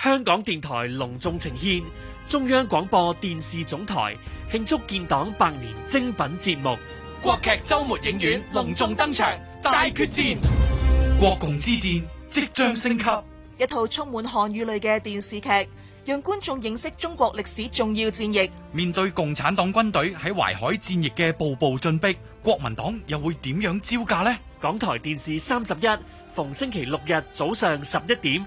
香港電台隆重呈獻中央廣播電視總台慶祝建黨百年精品節目《國劇周末影院》隆重登場，大決戰，國共之戰即將升級。一套充滿漢語類嘅電視劇，讓觀眾認識中國歷史重要戰役。面對共產黨軍隊喺淮海戰役嘅步步進逼，國民黨又會點樣招架呢？港台電視三十一，逢星期六日早上十一點。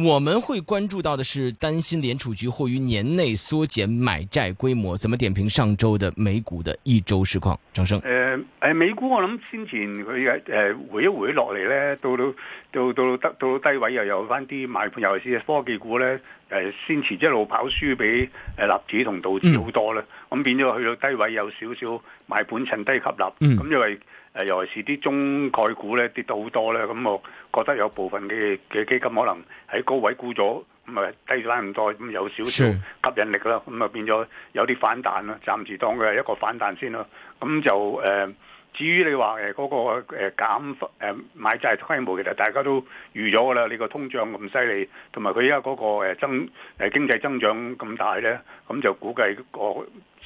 我們會關注到的是擔心聯儲局或於年內縮減買債規模，怎麼點評上周的美股的一周市況？張生，誒誒、呃呃，美股我諗先前佢誒、呃、回一回落嚟咧，到到到到到到低位又有返啲買盤，尤其是科技股咧，誒、呃、先前一路跑輸俾誒納指同道指好多啦。嗯咁變咗去到低位有少少買盤趁低吸納，咁因為誒尤其是啲中概股咧跌到好多咧，咁、啊、我覺得有部分嘅嘅基金可能喺高位沽咗，咁啊低咗翻咁多，咁有少少吸引力啦，咁啊變咗有啲反彈啦，暫時當佢係一個反彈先啦咁、啊嗯、就誒、啊，至於你話嗰個減、啊、買債規模，其實大家都預咗噶啦，你個通脹咁犀利，同埋佢依家嗰個增誒經濟增長咁大咧，咁就估計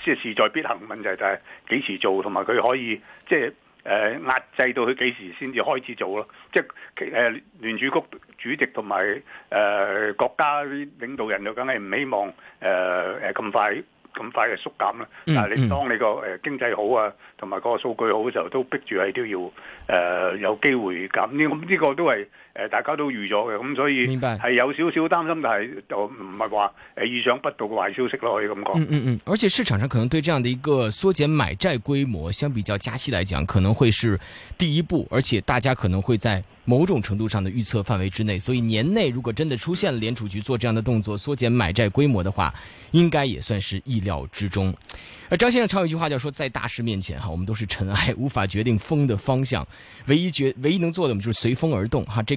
即係事在必行，的問題就係幾時做，同埋佢可以即係誒、呃、壓制到佢幾時先至開始做咯。即係誒、呃、聯儲局主席同埋誒國家啲領導人就梗係唔希望誒誒咁快咁快嘅縮減啦。但係你當你個誒經濟好啊，同埋嗰個數據好嘅時候，都逼住係都要誒、呃、有機會減呢。咁呢個都係。大家都預咗嘅，咁所以係有少少擔心，但係就唔係話意想不到嘅壞消息咯，可以咁講。嗯嗯嗯，而且市場上可能對這樣的一個縮減買債規模，相比較加息來講，可能會是第一步，而且大家可能會在某種程度上的預測範圍之內。所以年內如果真的出現了聯儲局做這樣嘅動作，縮減買債規模的話，應該也算是意料之中。而張先生常有句話叫，說在大勢面前，哈，我們都是塵埃，無法決定風的方向，唯一唯一能做的，我哋就是隨風而動。哈，這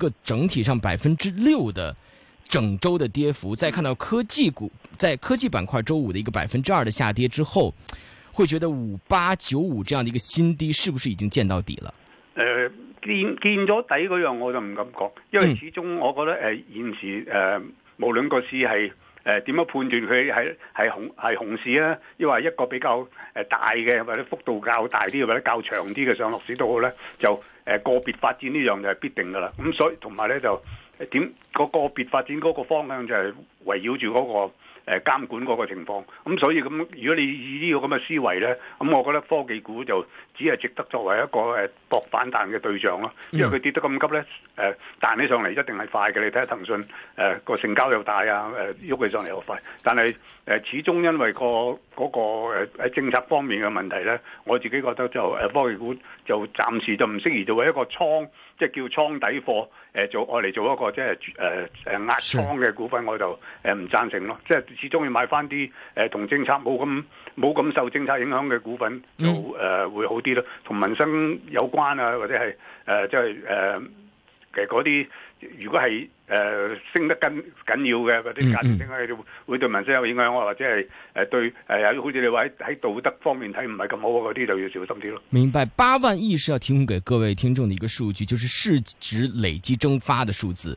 個整體上百分之六的整周的跌幅，再看到科技股在科技板塊周五的一個百分之二的下跌之後，會覺得五八九五這樣的一個新低是不是已經見到底了？誒、呃，見見咗底嗰樣我就唔敢講，因為始終我覺得誒、呃，現時誒、呃，無論個市係。誒點樣判斷佢係係紅係紅市咧？因為一個比較誒大嘅或者幅度較大啲或者較長啲嘅上落市都好咧，就誒、呃、個別發展呢樣就係必定噶啦。咁所以同埋咧就點個、那個別發展嗰個方向就係圍繞住嗰、那個誒、呃、監管嗰個情況。咁所以咁如果你以呢個咁嘅思維咧，咁我覺得科技股就，只係值得作為一個誒博反彈嘅對象咯，因為佢跌得咁急咧，誒彈起上嚟一定係快嘅。你睇下騰訊誒個成交又大啊，誒喐起上嚟又快。但係誒始終因為嗰個嗰個誒政策方面嘅問題咧，我自己覺得就誒科技股就暫時就唔適宜作為一個倉，即係叫倉底貨誒做攞嚟做一個即係誒誒壓倉嘅股份，我就誒唔贊成咯。即係始終要買翻啲誒同政策冇咁冇咁受政策影響嘅股份，就誒會好啲咯，同民生有關啊，或者係誒即係誒，其實嗰啲如果係誒、呃、升得更緊要嘅，或者減升係會對民生有影響，或者係誒對誒好似你話喺道德方面睇唔係咁好嗰啲，就要小心啲咯。明白，八萬億是要提供給各位聽眾嘅一個數據，就是市值累積蒸發的數字。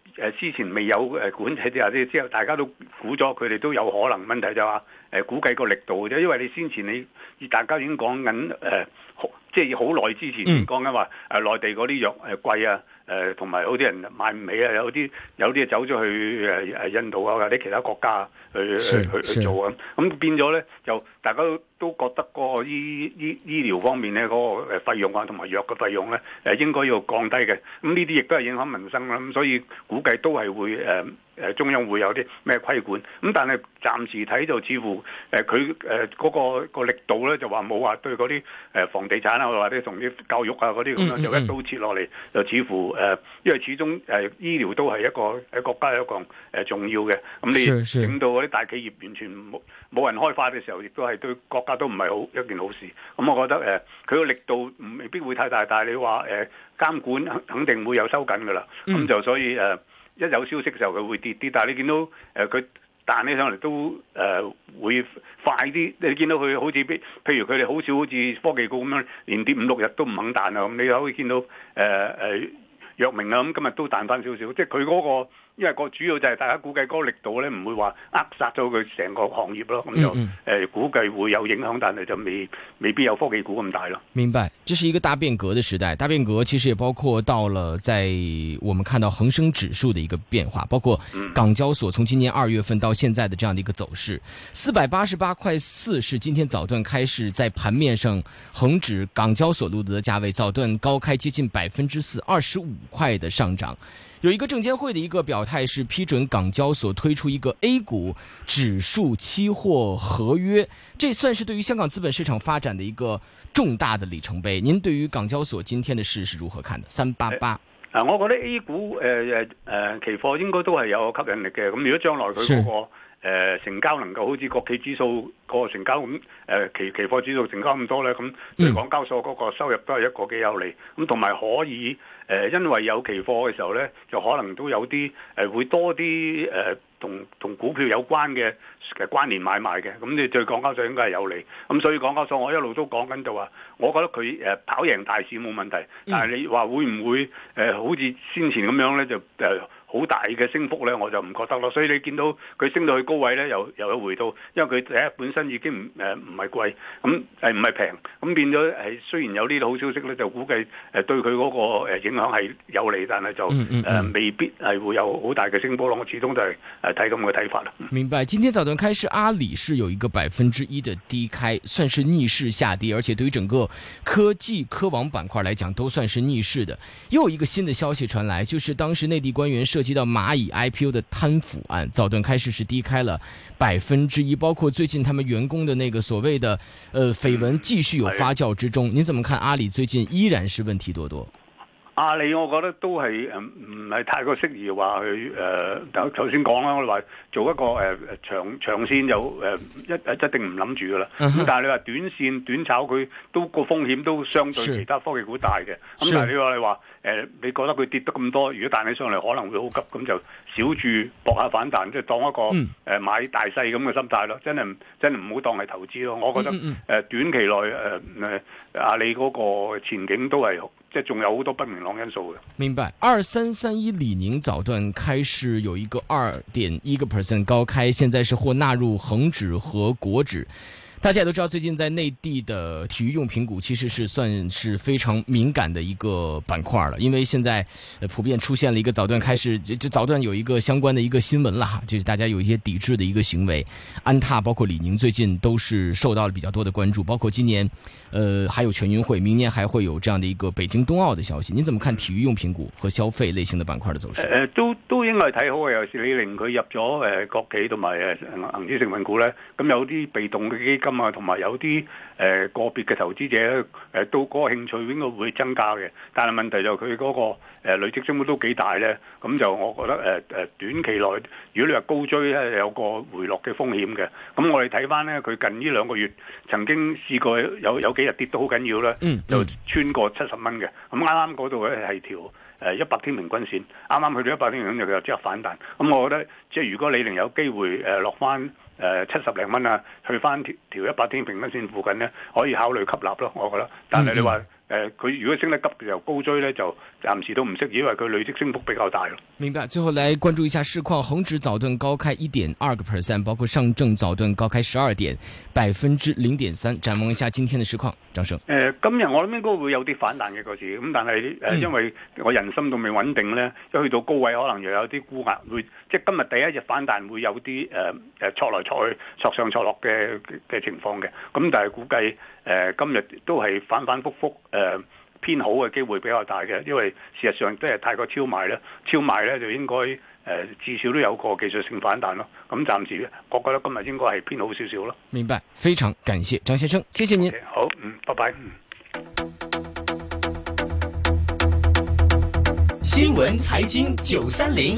誒之前未有誒管理啲啊，即之後大家都估咗佢哋都有可能，問題就話誒估計個力度啫，因為你先前你大家已經講緊誒，即係好耐、就是、之前講緊話誒內地嗰啲藥、誒、貴啊。誒同埋有啲人買唔起啊，有啲有啲走咗去誒誒印度啊，或者其他國家去去是去做咁，咁變咗咧就大家都覺得嗰個醫醫醫療方面咧嗰個誒費用啊同埋藥嘅費用咧誒應該要降低嘅，咁呢啲亦都係影響民生啦，咁所以估計都係會誒誒中央會有啲咩規管，咁但係暫時睇就似乎誒佢誒嗰個個力度咧就話冇話對嗰啲誒房地產啊或者同啲教育啊嗰啲咁樣就一刀切落嚟，就似乎。誒，因為始終誒、呃、醫療都係一個誒國家一個誒、呃、重要嘅，咁、嗯、你整到嗰啲大企業完全冇冇人開發嘅時候，亦都係對國家都唔係好一件好事。咁、嗯、我覺得誒，佢、呃、個力度未必會太大，但係你話誒、呃、監管肯定會有收緊㗎喇。咁、嗯、就、嗯、所以誒、呃，一有消息嘅時候佢會跌啲，但係你見到誒佢、呃、彈起上嚟都誒、呃、會快啲。你見到佢好似譬譬如佢哋好少好似科技股咁樣，連跌五六日都唔肯彈啊。咁你可以見到誒誒。呃呃藥明啊，咁今日都彈翻少少，即係佢嗰個。因為個主要就係大家估計嗰個力度呢，唔會話扼殺咗佢成個行業咯，咁就誒估計會有影響，但係就未未必有科技股咁大咯。明白，這是一個大變革的時代，大變革其實也包括到了在我們看到恒生指數的一個變化，包括港交所從今年二月份到現在的這樣的一個走勢，四百八十八塊四是今天早段開市在盤面上恒指港交所錄得的價位，早段高開接近百分之四，二十五塊的上漲。有一個證監會的一個表態是批准港交所推出一個 A 股指數期貨合約，這算是對於香港資本市場發展的一個重大的里程碑。您對於港交所今天的事是如何看的？三八八，啊，我覺得 A 股，呃呃，期貨應該都係有吸引力嘅。咁如果將來佢嗰個。誒、呃、成交能夠好似國企指數個成交咁，誒、呃、期期貨指數成交咁多咧，咁對港交所嗰個收入都係一個幾有利。咁同埋可以誒、呃，因為有期貨嘅時候咧，就可能都有啲誒、呃、會多啲誒、呃、同同股票有關嘅嘅關聯買賣嘅。咁你對港交所應該係有利。咁所以港交所我一路都講緊就話，我覺得佢誒、呃、跑贏大市冇問題。但係你話會唔會誒、呃、好似先前咁樣咧就誒、呃好大嘅升幅咧，我就唔覺得咯。所以你見到佢升到去高位咧，又又有回到，因為佢第一本身已經唔誒唔係貴，咁誒唔係平，咁、嗯呃嗯、變咗誒雖然有呢個好消息咧，就估計對對佢嗰個影響係有利，但係就、呃、未必係會有好大嘅升幅咯。我始終就係誒睇咁嘅睇法啦。明白。今天早段開市阿里是有一個百分之一的低開，算是逆市下跌，而且對於整個科技科網板塊嚟講都算是逆市的。又有一個新的消息傳來，就是當時內地官員。涉。涉及到螞蟻 IPO 的貪腐案，早段開始是低開了百分之一，包括最近他們員工的那個所謂的呃緋聞繼續有發酵之中，嗯、你怎麼看阿里最近依然是問題多多？阿里、啊、我覺得都係唔係太過適宜話去誒頭先講啦，我哋話做一個誒、呃、長長線有誒、呃、一一定唔諗住噶啦，咁、啊、呵但係你話短線短炒佢都個風險都相對其他科技股大嘅，咁的但係你話的你話。呃、你覺得佢跌得咁多，如果彈起上嚟可能會好急，咁就少注搏下反彈，即係當一個誒、嗯呃、買大細咁嘅心態咯。真係真係唔好當係投資咯。我覺得誒、呃、短期內誒誒阿里嗰個前景都係即係仲有好多不明朗因素嘅。明白。二三三一，李寧早段開市有一個二點一個 percent 高開，現在是獲納入恒指和國指。大家也都知道，最近在內地的體育用品股其實是算是非常敏感的一個板塊了，因為現在普遍出現了一個早段開始，這這早段有一個相關的一個新聞了哈，就是大家有一些抵制的一個行為。安踏包括李寧最近都是受到了比較多的關注，包括今年，呃，還有全運會，明年還會有這樣的一個北京冬奧的消息。你怎麼看體育用品股和消費類型的板塊的走勢？呃，都都應該睇好啊，尤其是李寧佢入咗國企同埋恒指成分股咧，咁有啲被動嘅基金。咁啊，同埋有啲誒、呃、個別嘅投資者咧、呃，都嗰個興趣應該會增加嘅。但係問題就佢嗰、嗰個、呃、累積升幅都幾大咧。咁就我覺得誒誒、呃呃、短期內，如果你話高追咧，有個回落嘅風險嘅。咁我哋睇翻咧，佢近呢兩個月曾經試過有有幾日跌得好緊要啦，就、嗯嗯、穿過七十蚊嘅。咁啱啱嗰度咧係條誒一百天平均線，啱啱去到一百天平均線佢就即刻反彈。咁我覺得即係如果你能有機會誒落翻誒七十零蚊啊，去翻調一百天平均線附近呢，可以考慮吸納咯。我覺得，但係你話誒，佢、嗯哼呃、如果升得急又高追呢，就暫時都唔適宜，因為佢累積升幅比較大咯。明白。最後嚟關注一下市況，恒指早段高開一點二個 percent，包括上證早段高開十二點百分之零點三。展望一下今天的市況，張生。誒、呃，今日我諗應該會有啲反彈嘅個市，咁但係誒，呃嗯、因為我人心仲未穩定呢，一去到高位可能又有啲沽壓，會即係今日第一日反彈會有啲誒誒挫來挫去、挫上挫落嘅。嘅嘅情況嘅，咁但係估計誒、呃、今日都係反反覆覆誒偏、呃、好嘅機會比較大嘅，因為事實上即係太過超賣咧，超賣咧就應該誒、呃、至少都有個技術性反彈咯。咁、嗯、暫時我覺得今日應該係偏好少少咯。明白，非常感謝張先生，謝謝你！Okay, 好，嗯，拜拜。新聞財經九三零。